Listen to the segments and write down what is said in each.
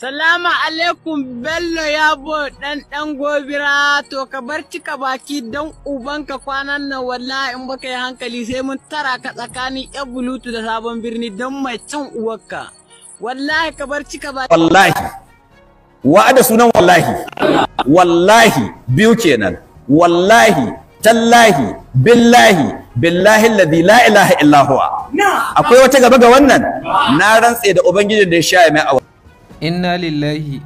Salama alaikum Bello Yabo ɗan ɗan gobira to ka bar cika baki don ubanka kwanan nan wallahi in baka yi hankali sai mun tara ka tsakanin yan bulutu da sabon birni don mai can uwarka. Wallahi ka bar cika baki. Wallahi. Wa'ada sunan wallahi. Wallahi biyu kenan. Wallahi tallahi billahi billahi alladhi la ilaha illa huwa. Akwai wata gaba ga wannan? Na rantse da ubangijin da ya sha mai a inna lillahi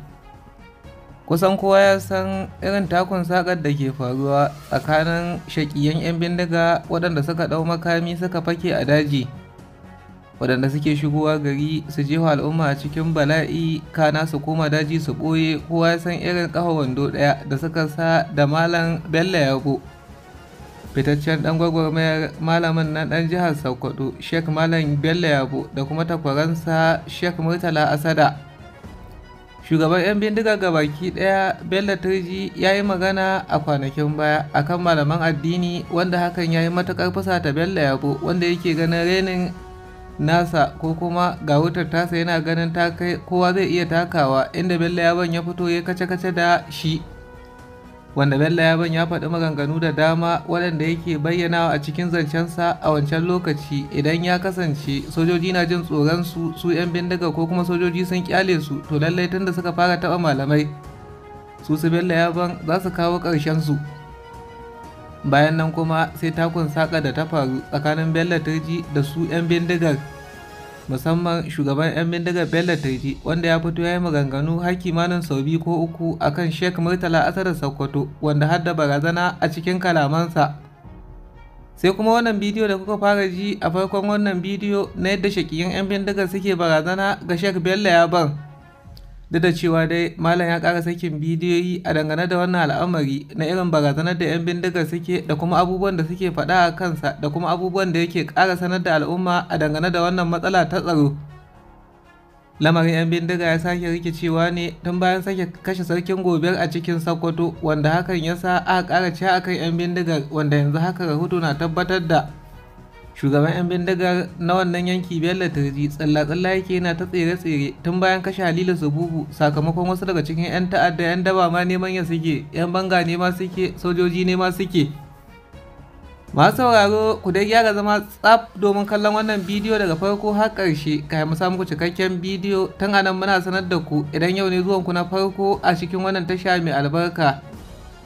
kusan kowa ya san irin takun sakar da ke faruwa tsakanin shakiyan 'yan bindiga waɗanda suka ɗau makami suka fake a daji waɗanda suke shigowa gari su wa al'umma a cikin bala'i kana su koma daji su ɓoye kowa ya san irin ƙafa wando ɗaya da suka sa da malam bello yabo fitaccen ɗan gwagwarmayar malamin na ɗan jihar sokoto sheikh malam bello yabo da kuma takwaransa sheikh murtala asada shugaban 'yan bindiga ga baki daya bello turji ya yi magana a kwanakin baya akan malaman addini wanda hakan ya yi fasa ta bello yabo wanda yake ganin renin nasa ko kuma ga wutar tasa yana ganin kowa zai iya takawa inda bello yabon ya fito ya kace-kace da shi wanda Bello Yaban ya faɗi maganganu da dama waɗanda yake bayyanawa a cikin zancensa a wancan lokaci idan ya kasance sojoji na jin tsoron su su 'yan bindiga ko kuma sojoji sun kyale su to lallai tunda suka fara taɓa malamai su su Bello Yaban za su kawo ƙarshen su. Bayan nan kuma sai takun saƙa da ta faru tsakanin Bello Turji da su 'yan bindigar musamman shugaban 'yan bindigar bello turji wanda ya fito ya yi maganganu har kimanin sau biyu ko uku akan sheikh murtala asarar sokoto wanda hadda barazana a cikin kalamansa sai kuma wannan bidiyo da kuka fara ji a farkon wannan bidiyo na yadda shakiyin 'yan bindiga suke barazana ga sheikh bello ya ban duk da cewa dai malam ya kara sakin bidiyoyi a dangane da wannan al'amari na irin barazanar da 'yan bindigar suke da kuma abubuwan da suke faɗa a kansa da kuma abubuwan da yake kara sanar da al'umma a dangane da wannan matsala ta tsaro lamarin 'yan bindiga ya sake rikicewa ne tun bayan sake kashe sarkin gobiyar a cikin sokoto wanda hakan ya sa aka kara ci akan 'yan bindigar wanda yanzu haka rahoto na tabbatar da shugaban 'yan bindiga na wannan yanki bello turji tsalla-tsalla yake yana ta tsere-tsere tun bayan kashe halilu bubu sakamakon wasu daga cikin 'yan ta'adda 'yan daba ma neman ya suke 'yan banga ne ma suke sojoji ne ma suke masu sauraro ku dai gyara zama tsaf domin kallon wannan bidiyo daga farko har ƙarshe kayan mu samu cikakken bidiyo tun anan muna sanar da ku idan yau ne zuwanku na farko a cikin wannan tasha mai albarka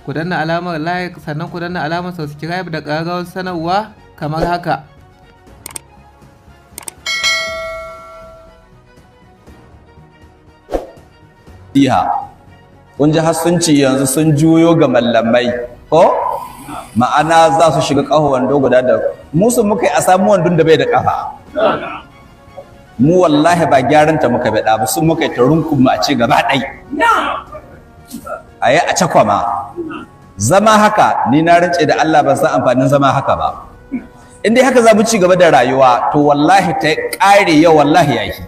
ku danna alamar like sannan ku danna alamar subscribe da ƙararrawar sanarwa kamar haka fiha kun ji har sun ce yanzu sun juyo ga mallamai ko ma'ana za su shiga ƙaho wando guda da musu muka yi a samu wandon da bai da ƙafa mu wallahi ba gyaran ta muka bada ba sun muka yi ta runkun mu a ce gaba ɗai a yi a ma zama haka ni na rince da Allah ban san amfanin zama haka ba in dai haka za mu ci gaba da rayuwa to wallahi ta ƙare yau wallahi yaki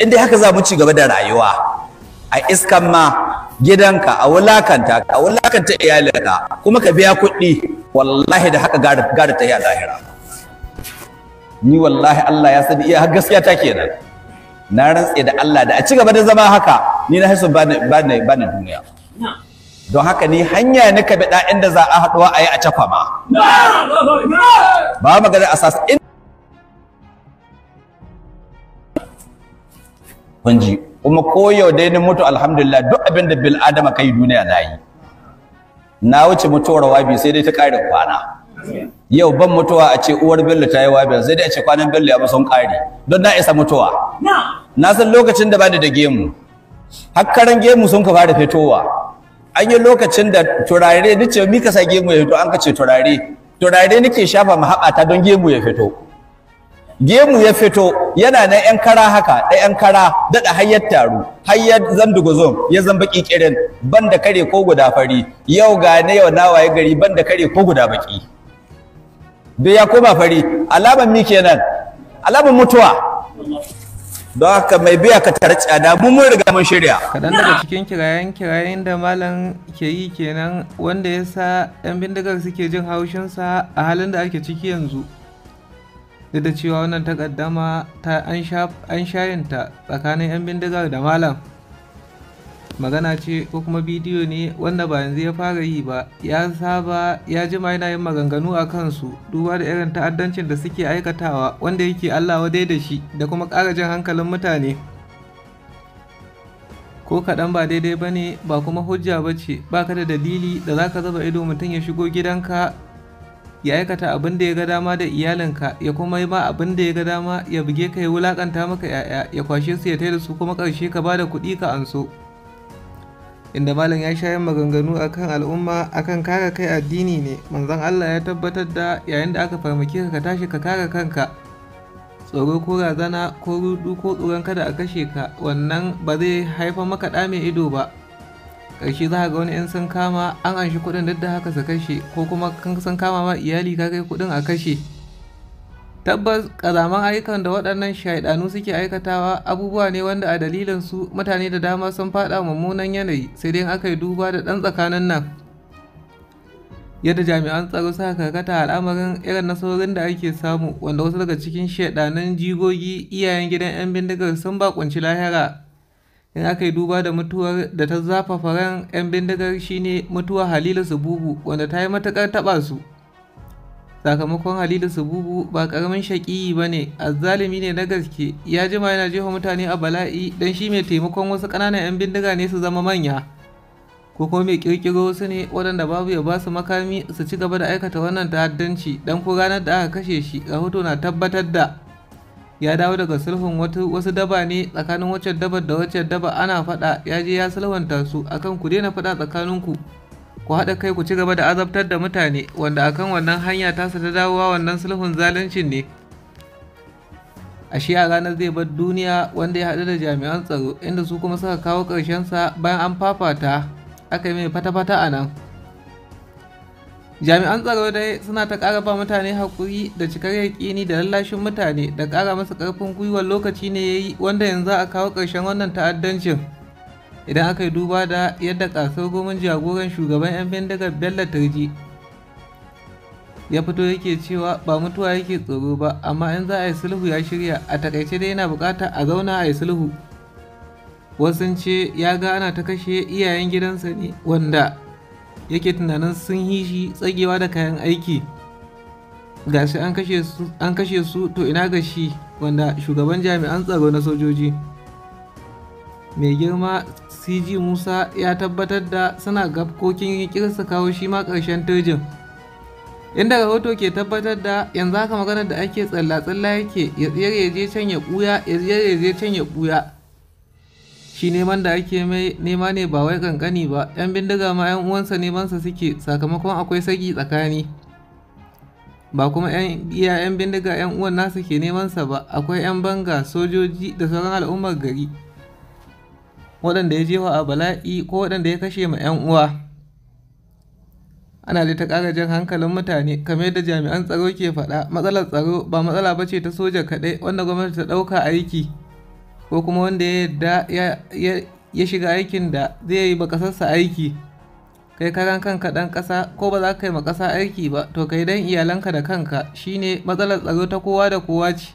in dai haka za mu ci gaba da rayuwa a iskan ma gidanka a wulakanta a wulakanta iyalinka kuma ka biya kuɗi wallahi da haka gada ta yi a lahira ni wallahi Allah ya sani iya gaskiya ta kenan na rantse da Allah da a ci gaba da zama haka ni na haisu ba na duniya don haka ni hanya ni ka biɗa inda za a haɗuwa a yi a cakwama ba magana a kuma koyau dai ni mutu alhamdulillah duk abin da bil adama kai duniya na yi na wuce mutuwar wabi sai dai ta kare kwana yau ban mutuwa a ce uwar bello ta yi wabi sai dai a ce kwanan bello ya sun kare don na isa mutuwa na san lokacin da bani da gemu hakkaran gemu sun ka fara fitowa an yi lokacin da turare ni ce mika sa gemu ya fito an ka ce turare turare nake shafa mahaɓata don gemu ya fito gemu ya fito yana na yan kara haka da yan kara daɗa hayyar taru hayyar zanduguzon ya zan baki kirin ban da kare ko guda fari yau ga na yau na waye gari ban da kare ko guda baki da ya koma fari alaman mi kenan alaman mutuwa don haka mai biya ka tarci da mu mun riga mun shirya kaɗan daga cikin kirayen kirayen da malam ke yi kenan wanda ya sa 'yan bindigar suke jin haushinsa a halin da ake ciki yanzu duk da cewa wannan takaddama ta an shayinta tsakanin 'yan bindigar da malam magana ce ko kuma bidiyo ne wanda ba yanzu ya fara yi ba ya saba ya jima yana yin maganganu a kansu duba da irin ta'addancin da suke aikatawa wanda yake allah wadai da shi da kuma ƙara jan hankalin mutane ko kaɗan ba daidai ba ne ba kuma hujja ba ce ba ka da dalili da za ka zaba ido mutum ya shigo gidanka ya aikata abin da ya ga dama da iyalinka ya kuma yi ma abin da ya ga dama ya buge ka ya wulakanta maka yaya ya kwashe su ya taida su kuma ƙarshe ka bada kuɗi ka anso inda malam ya sha yin maganganu akan al'umma akan kare kai addini ne manzon Allah ya tabbatar da yayin da aka farmaki ka ka tashi ka kare kanka tsoro ko razana ko rudu ko tsoron kada a kashe ka wannan ba zai haifa maka ɗa mai ido ba ƙarshe za ga wani yan sun kama an anshi kuɗin duk da haka su kashe ko kuma sun kama ma iyali ka kai kuɗin a kashe tabbas ƙazaman ayyukan da waɗannan shaidanu suke aikatawa abubuwa ne wanda a dalilin su mutane da dama sun faɗa mummunan yanayi sai dai aka yi duba da ɗan tsakanin nan yadda jami'an tsaro suka karkata al'amarin irin nasarorin da ake samu wanda wasu daga cikin shaiɗanun jigogi iyayen gidan 'yan bindigar sun bakunci lahira in aka yi duba da mutuwar da ta zafa faran 'yan bindigar shine mutuwar halilu sububu wanda ta yi matuƙar taɓa su sakamakon halilu sububu ba ƙaramin shaƙi ba ne azzalimi ne na gaske ya jima yana jefa mutane a bala'i don shi mai taimakon wasu ƙananan 'yan bindiga ne su zama manya ko kuma mai ƙirƙiro su ne waɗanda babu ya ba su makami su ci gaba da aikata wannan ta'addanci don ko ranar da aka kashe shi rahoto na tabbatar da ya dawo daga sulhun wasu daba ne tsakanin waccan dabar da waccan daba ana faɗa ya je ya sulhunta su akan ku daina faɗa tsakaninku ku haɗa kai ku ci gaba da azabtar da mutane wanda akan wannan hanya tasa ta dawowa wannan sulhun zaluncin ne ashe a ranar zai bar duniya wanda ya haɗu da jami'an tsaro inda su kuma suka kawo sa bayan an fafata aka yi mai fata-fata a nan jami'an tsaro dai suna ta ƙara ba mutane haƙuri da cikar yaƙini da lallashin mutane da ƙara masa ƙarfin gwiwa lokaci ne ya yi wanda yanzu a kawo ƙarshen wannan ta'addancin idan aka yi duba da yadda ƙasar gomin jagoran shugaban 'yan bindiga bello turji ya fito yake cewa ba mutuwa yake tsoro ba amma in za a yi sulhu ya shirya a takaice dai yana buƙatar a zauna a yi sulhu wasu ce ya ga ana ta kashe iyayen gidansa ne wanda yake tunanin sun yi shi tsagewa da kayan aiki ga shi an kashe su to ina ga shi wanda shugaban jami'an tsaro na sojoji mai girma cg musa ya tabbatar da suna gabkokin kirsa kawo shi ma ƙarshen turjin inda rahoto ke tabbatar da yanzu haka magana da ake tsalla-tsalla yake ya tsere ya je can ya ɓuya ya tsere je can ya ɓuya shi neman da ake mai nema ne ba wai kankani ba yan bindiga ma yan uwansa nemansa suke sakamakon akwai sagi tsakani ba kuma yan iya yan bindiga yan uwan nasu ke nemansa ba akwai yan banga sojoji da sauran al'ummar gari waɗanda ya jefa a bala'i ko waɗanda ya kashe ma yan uwa ana da ta ƙara jan hankalin mutane kamar yadda jami'an tsaro ke faɗa matsalar tsaro ba matsala ba ce ta soja kaɗai wanda gwamnati ta ɗauka aiki ko kuma wanda ya ya shiga aikin da zai yi ba kasarsa aiki kai karan kanka dan kasa ko ba za ka yi makasa aiki ba to kai dan iyalanka da kanka shine matsalar tsaro ta kowa da kowa ce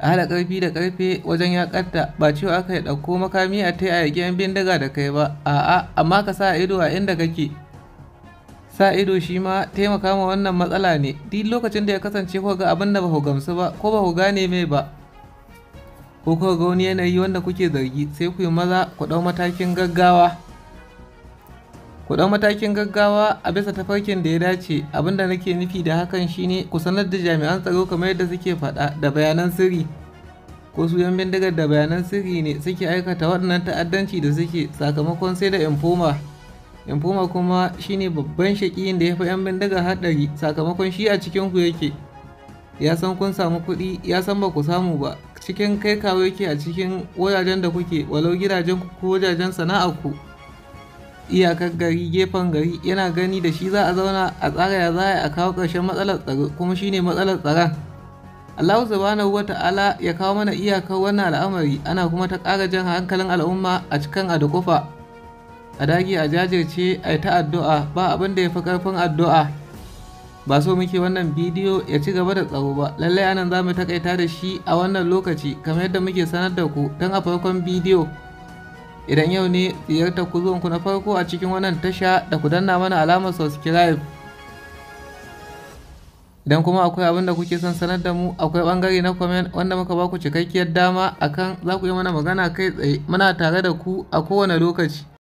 a haɗa ƙarfi da ƙarfe wajen yaƙarta ba cewa aka yi ɗauko makami a tai a yaƙi 'yan bindiga da kai ba a'a amma ka sa ido a inda kake sa ido shi ma taimaka ma wannan matsala ne duk lokacin da ya kasance ko ga abin da ba ku gamsu ba ko ba ku gane mai ba ko kuka ga wani yanayi wanda kuke zargi sai ku yi maza ku ɗau matakin gaggawa ku ɗau matakin gaggawa a bisa tafarkin da ya dace abin da nake nufi da hakan shine ku sanar da jami'an tsaro kamar yadda suke faɗa da bayanan sirri ko su yan bindigar da bayanan sirri ne suke aikata waɗannan ta'addanci da suke sakamakon sai da infoma infoma kuma shine babban shaƙiyin da ya fi yan bindigar haɗari sakamakon shi a cikin ku yake ya san kun samu kuɗi ya san ba ku samu ba cikin kai kawo yake a cikin wajajen da kuke walau gidajen ku ko wajajen sana'ar ku iyakar gari gefen gari yana gani da shi za a zauna a tsara ya za a kawo ƙarshen matsalar tsaro kuma shi ne matsalar tsaron Allahu subhanahu wa ta'ala ya kawo mana iyakar wannan al'amari ana kuma ta ƙara jan hankalin al'umma a cikin adukufa a dage a jajirce a yi ta addu'a ba abin da ya fi ƙarfin addu'a ba so muke wannan bidiyo ya ci gaba da tsawo ba lallai anan za mu takaita da shi a wannan lokaci kamar yadda muke sanar da ku tun a farkon bidiyo idan yau ne ziyartar ku ku na farko a cikin wannan tasha da ku danna mana alamar subscribe idan kuma akwai abin da kuke son sanar da mu akwai bangare na comment wanda muka ba ku cikakkiyar dama akan za ku yi mana magana kai tsaye muna tare da ku a kowane lokaci